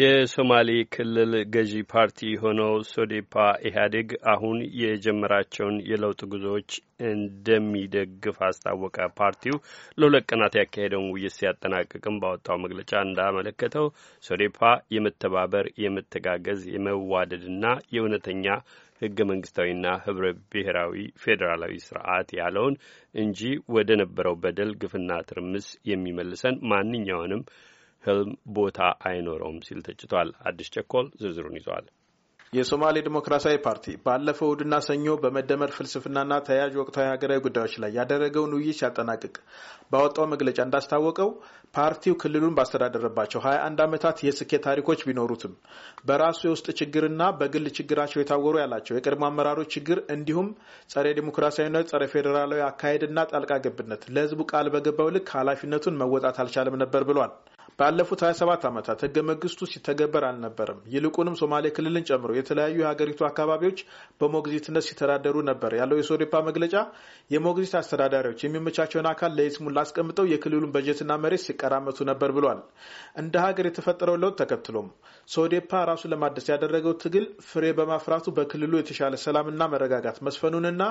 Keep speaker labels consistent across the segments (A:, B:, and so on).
A: የሶማሌ ክልል ገዢ ፓርቲ የሆነው ሶዴፓ ኢህአዴግ አሁን የጀመራቸውን የለውጥ ጉዞዎች እንደሚደግፍ አስታወቀ። ፓርቲው ለሁለት ቀናት ያካሄደውን ውይይት ሲያጠናቅቅም ባወጣው መግለጫ እንዳመለከተው ሶዴፓ የመተባበር፣ የመተጋገዝ፣ የመዋደድና የእውነተኛ ህገ መንግስታዊና ህብረ ብሔራዊ ፌዴራላዊ ስርዓት ያለውን እንጂ ወደ ነበረው በደል ግፍና ትርምስ የሚመልሰን ማንኛውንም ህልም ቦታ አይኖረውም ሲል ተችቷል። አዲስ ቸኮል ዝርዝሩን ይዘዋል።
B: የሶማሌ ዲሞክራሲያዊ ፓርቲ ባለፈው እሁድና ሰኞ በመደመር ፍልስፍናና ተያያዥ ወቅታዊ ሀገራዊ ጉዳዮች ላይ ያደረገውን ውይይት ሲያጠናቅቅ ባወጣው መግለጫ እንዳስታወቀው ፓርቲው ክልሉን ባስተዳደረባቸው ሀያ አንድ ዓመታት የስኬት ታሪኮች ቢኖሩትም በራሱ የውስጥ ችግርና በግል ችግራቸው የታወሩ ያላቸው የቅድሞ አመራሮች ችግር እንዲሁም ጸረ ዲሞክራሲያዊነት፣ ጸረ ፌዴራላዊ አካሄድና ጣልቃ ገብነት ለህዝቡ ቃል በገባው ልክ ኃላፊነቱን መወጣት አልቻለም ነበር ብሏል። ባለፉት 27 ዓመታት ህገ መንግስቱ ሲተገበር አልነበርም። ይልቁንም ሶማሌ ክልልን ጨምሮ የተለያዩ የሀገሪቱ አካባቢዎች በሞግዚትነት ሲተዳደሩ ነበር ያለው የሶዴፓ መግለጫ የሞግዚት አስተዳዳሪዎች የሚመቻቸውን አካል ለይስሙላ አስቀምጠው የክልሉን በጀትና መሬት ሲቀራመቱ ነበር ብሏል። እንደ ሀገር የተፈጠረው ለውጥ ተከትሎም ሶዴፓ ራሱን ለማደስ ያደረገው ትግል ፍሬ በማፍራቱ በክልሉ የተሻለ ሰላምና መረጋጋት መስፈኑንና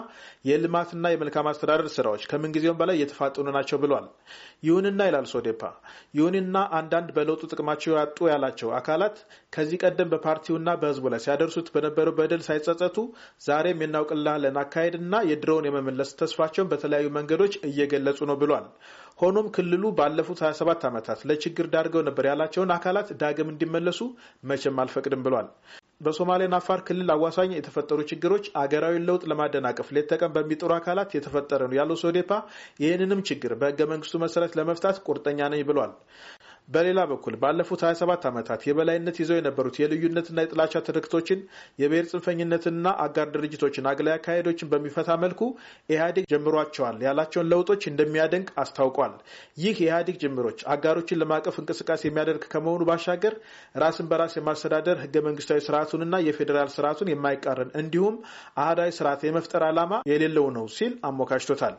B: የልማትና የመልካም አስተዳደር ስራዎች ከምንጊዜውም በላይ እየተፋጠኑ ናቸው ብሏል። ይሁንና ይላል ሶዴፓ ይሁንና አንዳንድ በለውጡ ጥቅማቸው ያጡ ያላቸው አካላት ከዚህ ቀደም በፓርቲውና በህዝቡ ላይ ሲያደርሱት በነበረው በደል ሳይጸጸቱ ዛሬም የናውቅልሃለን አካሄድና የድሮውን የመመለስ ተስፋቸውን በተለያዩ መንገዶች እየገለጹ ነው ብሏል። ሆኖም ክልሉ ባለፉት 27 ዓመታት ለችግር ዳርገው ነበር ያላቸውን አካላት ዳግም እንዲመለሱ መቼም አልፈቅድም ብሏል። በሶማሌና አፋር ክልል አዋሳኝ የተፈጠሩ ችግሮች አገራዊ ለውጥ ለማደናቀፍ ሌት ተቀን በሚጥሩ አካላት የተፈጠረ ነው ያለው ሶዴፓ ይህንንም ችግር በህገ መንግስቱ መሰረት ለመፍታት ቁርጠኛ ነኝ ብሏል። በሌላ በኩል ባለፉት 27 ዓመታት የበላይነት ይዘው የነበሩት የልዩነትና የጥላቻ ትርክቶችን የብሔር ጽንፈኝነትና አጋር ድርጅቶችን አግላይ አካሄዶችን በሚፈታ መልኩ ኢህአዴግ ጀምሯቸዋል ያላቸውን ለውጦች እንደሚያደንቅ አስታውቋል። ይህ የኢህአዴግ ጅምሮች አጋሮችን ለማቀፍ እንቅስቃሴ የሚያደርግ ከመሆኑ ባሻገር ራስን በራስ የማስተዳደር ህገ መንግስታዊ ስርዓቱንና የፌዴራል ስርዓቱን የማይቃረን እንዲሁም አህዳዊ ስርዓት የመፍጠር ዓላማ የሌለው ነው ሲል አሞካሽቶታል።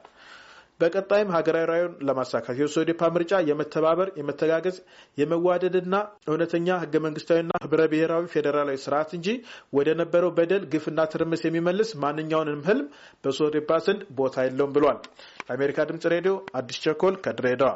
B: በቀጣይም ሀገራዊ ራዕዩን ለማሳካት የሶዴፓ ምርጫ የመተባበር፣ የመተጋገዝ፣ የመዋደድና እውነተኛ ህገ መንግስታዊና ህብረ ብሔራዊ ፌዴራላዊ ስርዓት እንጂ ወደ ነበረው በደል፣ ግፍና ትርምስ የሚመልስ ማንኛውንም ህልም በሶዴፓ ስንድ ቦታ የለውም ብሏል። ለአሜሪካ ድምጽ ሬዲዮ አዲስ ቸኮል ከድሬዳዋ